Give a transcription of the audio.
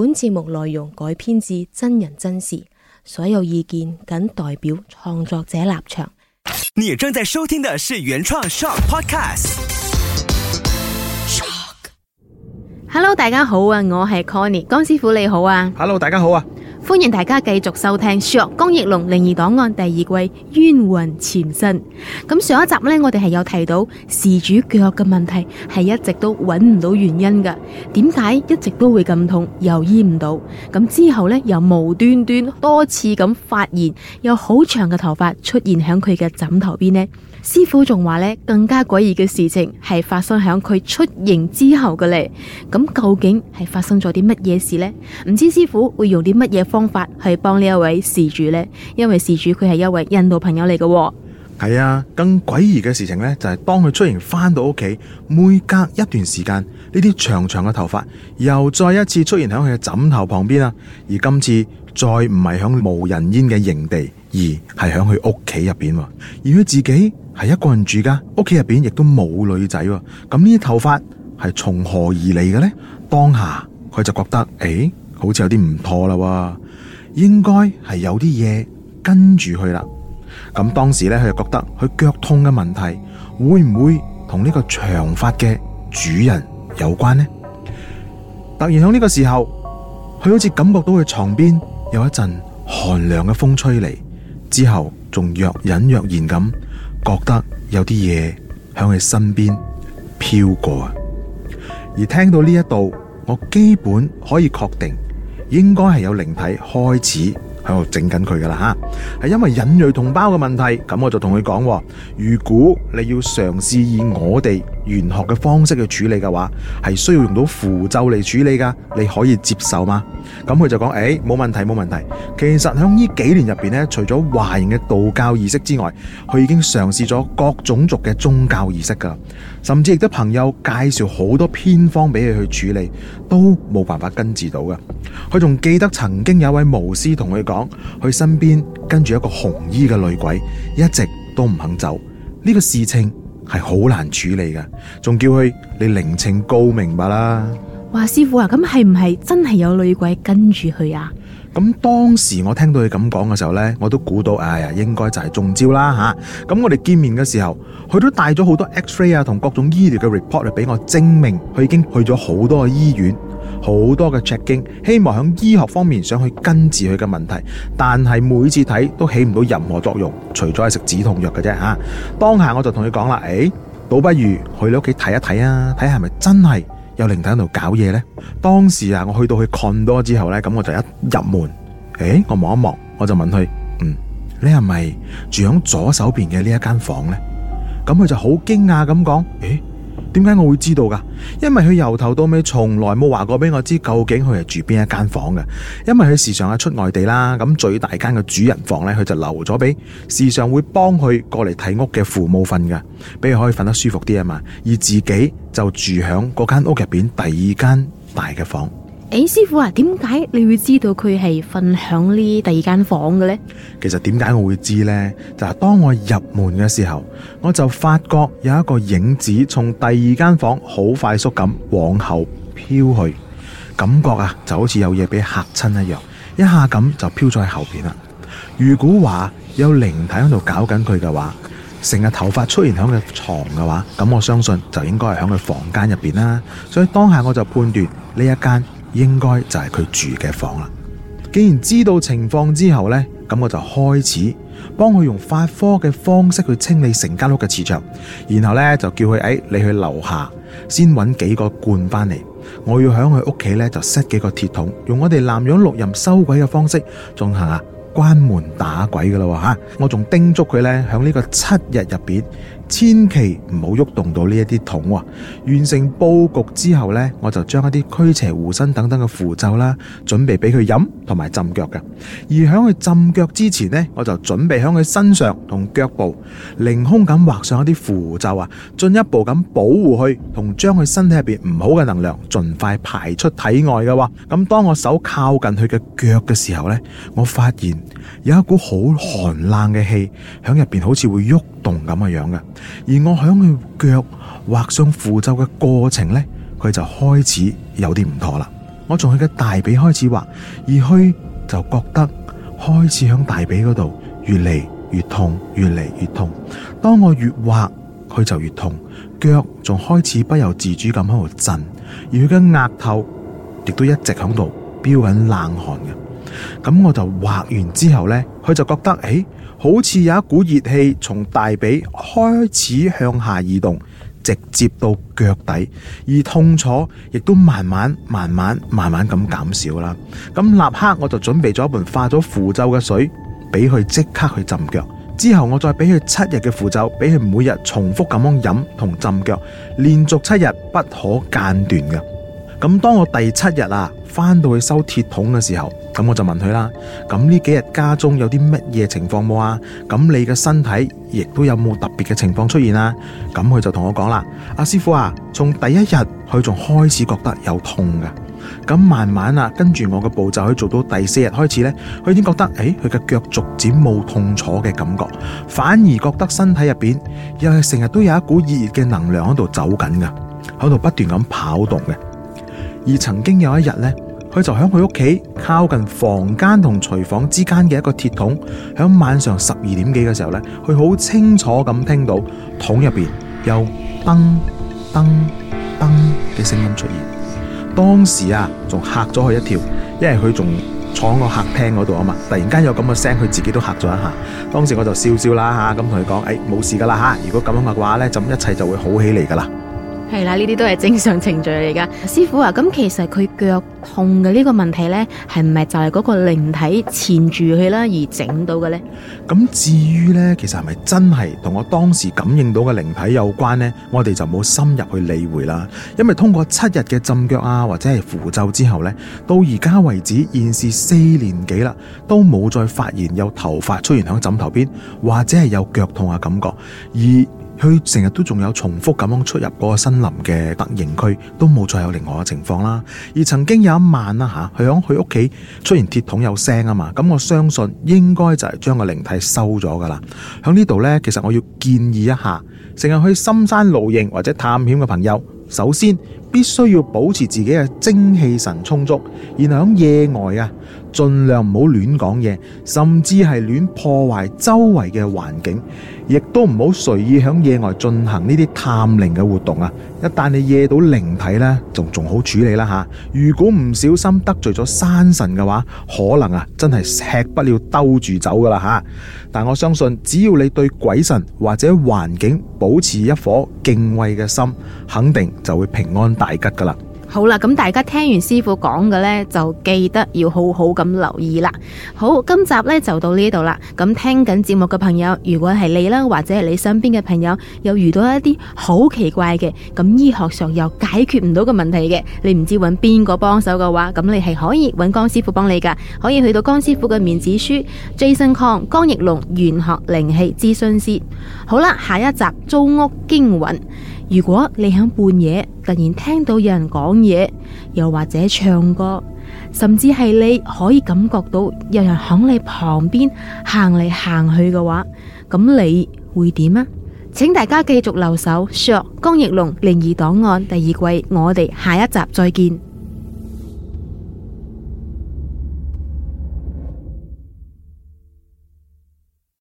本節目內容改編自真人真事，所有意見僅代表創作者立場。你正在收聽的是原創 Shock Podcast。Shock，Hello 大家好啊，我係 Connie，江師傅你好啊。Hello 大家好啊。我歡迎大家繼續收聽《石光奕龍靈異檔案》第二季《冤魂纏身》。咁上一集呢，我哋係有提到事主腳嘅問題係一直都揾唔到原因嘅，點解一直都會咁痛又醫唔到？咁之後呢，又無端端多次咁發現有好長嘅頭髮出現喺佢嘅枕頭邊呢。師傅仲話呢，更加詭異嘅事情係發生響佢出營之後嘅呢。咁究竟係發生咗啲乜嘢事呢？唔知師傅會用啲乜嘢方法去幫呢一位事主呢？因為事主佢係一位印度朋友嚟嘅喎。係啊，更詭異嘅事情呢，就係當佢出營翻到屋企，每隔一段時間，呢啲長長嘅頭髮又再一次出現響佢嘅枕頭旁邊啊。而今次再唔係響無人煙嘅營地，而係響佢屋企入邊。而佢自己。係一個人住噶屋企入邊亦都冇女仔，咁呢啲頭髮係從何而嚟嘅呢？當下佢就覺得，誒、欸，好似有啲唔妥啦，應該係有啲嘢跟住佢啦。咁當時呢，佢就覺得佢腳痛嘅問題會唔會同呢個長髮嘅主人有關呢？突然響呢個時候，佢好似感覺到佢床邊有一陣寒涼嘅風吹嚟，之後仲若隱若現咁。覺得有啲嘢喺佢身邊飄過啊！而聽到呢一度，我基本可以確定，應該係有靈體開始喺度整緊佢噶啦吓，係因為印裔同胞嘅問題。咁我就同佢講：如果你要嘗試以我哋玄學嘅方式去處理嘅話，係需要用到符咒嚟處理噶，你可以接受嗎？咁佢就講：，誒、欸，冇問題，冇問題。其實響呢幾年入邊咧，除咗華人嘅道教儀式之外，佢已經嘗試咗各種族嘅宗教儀式噶，甚至亦都有朋友介紹好多偏方俾佢去處理，都冇辦法根治到噶。佢仲記得曾經有一位巫師同佢講，佢身邊跟住一個紅衣嘅女鬼，一直都唔肯走呢、這個事情。係好難處理噶，仲叫佢你靈情高明白啦。哇，師傅呀，咁係唔係真係有女鬼跟住佢啊？咁當時我聽到佢咁講嘅時候呢，我都估到哎呀，應該就係中招啦吓。咁、啊、我哋見面嘅時候，佢都帶咗好多 X ray 啊同各種醫療嘅 report 嚟俾我證明佢已經去咗好多醫院。好多嘅 check 經，希望喺醫學方面想去根治佢嘅問題，但係每次睇，都起唔到任何作用，除咗係食止痛藥嘅啫啊！當下我就同佢講啦，誒、欸，倒不如去你屋企睇一睇啊，睇下係咪真係有靈體喺度搞嘢呢？」當時啊，我去到佢看多之後呢，咁我就一入門，誒、欸，我望一望，我就問佢，嗯，你係咪住喺左手邊嘅呢一間房呢？」咁佢就好驚訝咁講，誒。點解我會知道噶？因為佢由頭到尾從來冇話過俾我知究竟佢係住邊一間房嘅。因為佢時常喺出外地啦，咁最大間嘅主人房呢，佢就留咗俾時常會幫佢過嚟睇屋嘅父母瞓噶，俾佢可以瞓得舒服啲啊嘛。而自己就住喺嗰間屋入邊第二間大嘅房。誒，師傅啊，點解你會知道佢係瞓響呢第二間房嘅呢？其實點解我會知呢？就係當我入門嘅時候，我就發覺有一個影子從第二間房好快速咁往後飄去，感覺啊就好似有嘢俾嚇親一樣，一下咁就飄咗喺後邊啦。如果話有靈體喺度搞緊佢嘅話，成日頭髮出現響佢床嘅話，咁我相信就應該係響佢房間入邊啦。所以當下我就判斷呢一間。應該就係佢住嘅房啦。既然知道情況之後呢，咁我就開始幫佢用法科嘅方式去清理成間屋嘅磁場，然後呢，就叫佢誒、哎，你去樓下先揾幾個罐翻嚟，我要響佢屋企呢，就 set 幾個鐵桶，用我哋南洋六人收鬼嘅方式進行、啊、關門打鬼噶啦吓。我仲叮囑佢呢，響呢個七日入邊。千祈唔好喐動到呢一啲桶喎、啊！完成布局之後呢，我就將一啲驅邪護身等等嘅符咒啦，準備俾佢飲同埋浸腳嘅。而喺佢浸腳之前呢，我就準備喺佢身上同腳部凌空咁畫上一啲符咒啊，進一步咁保護佢同將佢身體入邊唔好嘅能量盡快排出體外嘅。咁當我手靠近佢嘅腳嘅時候呢，我發現有一股好寒冷嘅氣響入邊，面好似會喐，咁樣嘅，而我喺佢腳畫上符咒嘅過程呢，佢就開始有啲唔妥啦。我從佢嘅大髀開始畫，而佢就覺得開始響大髀嗰度越嚟越痛，越嚟越痛。當我越畫，佢就越痛，腳仲開始不由自主咁喺度震，而佢嘅額頭亦都一直響度飆緊冷汗嘅。咁我就畫完之後呢，佢就覺得，誒、欸，好似有一股熱氣從大髀開始向下移動，直接到腳底，而痛楚亦都慢慢、慢慢、慢慢咁減少啦。咁立刻我就準備咗一盆化咗符咒嘅水，俾佢即刻去浸腳。之後我再俾佢七日嘅符咒，俾佢每日重複咁樣飲同浸腳，連續七日不可間斷嘅。咁當我第七日啊，翻到去收鐵桶嘅時候，咁我就問佢啦。咁呢幾日家中有啲乜嘢情況冇啊？咁你嘅身體亦都有冇特別嘅情況出現啊？咁佢就同我講啦，阿師傅啊，從第一日佢仲開始覺得有痛噶，咁慢慢啊，跟住我嘅步驟去做到第四日開始呢，佢已經覺得誒，佢嘅腳逐漸冇痛楚嘅感覺，反而覺得身體入邊又係成日都有一股熱熱嘅能量喺度走緊噶，喺度不斷咁跑動嘅。而曾經有一日咧，佢就喺佢屋企靠近房間同廚房之間嘅一個鐵桶，喺晚上十二點幾嘅時候咧，佢好清楚咁聽到桶入邊有噔噔噔嘅聲音出現。當時啊，仲嚇咗佢一跳，因為佢仲坐喺個客廳嗰度啊嘛，突然間有咁嘅聲，佢自己都嚇咗一下。當時我就笑笑啦嚇，咁同佢講，誒、哎、冇事噶啦嚇，如果咁樣嘅話咧，咁一切就會好起嚟噶啦。係啦，呢啲都係正常程序嚟噶。師傅啊，咁其實佢腳痛嘅呢個問題呢，係咪就係嗰個靈體纏住佢啦而整到嘅呢？咁至於呢，其實係咪真係同我當時感應到嘅靈體有關呢？我哋就冇深入去理會啦。因為通過七日嘅浸腳啊，或者係符咒之後呢，到而家為止現時四年幾啦，都冇再發現有頭髮出現喺枕頭邊，或者係有腳痛嘅感覺，而。佢成日都仲有重複咁樣出入嗰個森林嘅特營區，都冇再有另外嘅情況啦。而曾經有一晚啦吓，佢響佢屋企出現鐵桶有聲啊嘛，咁我相信應該就係將個靈體收咗噶啦。響呢度呢，其實我要建議一下，成日去深山露營或者探險嘅朋友，首先。必須要保持自己嘅精氣神充足，然後響野外啊，盡量唔好亂講嘢，甚至係亂破壞周圍嘅環境，亦都唔好隨意響野外進行呢啲探靈嘅活動啊！一旦你夜到靈體呢，就仲好處理啦吓。如果唔小心得罪咗山神嘅話，可能啊真係吃不了兜住走噶啦吓。但我相信，只要你對鬼神或者環境保持一顆敬畏嘅心，肯定就會平安。大吉噶啦！好啦，咁大家聽完師傅講嘅呢，就記得要好好咁留意啦。好，今集呢就到呢度啦。咁聽緊節目嘅朋友，如果係你啦，或者係你身邊嘅朋友，有遇到一啲好奇怪嘅，咁醫學上又解決唔到嘅問題嘅，你唔知揾邊個幫手嘅話，咁你係可以揾江師傅幫你噶，可以去到江師傅嘅面子書 Jason Kong 江奕龍玄學靈氣諮詢師。好啦，下一集租屋驚魂。如果你喺半夜突然聽到有人講嘢，又或者唱歌，甚至係你可以感覺到有人響你旁邊行嚟行去嘅話，咁你會點啊？請大家繼續留守《卓、sure, 江奕龍靈異檔案》第二季，我哋下一集再見。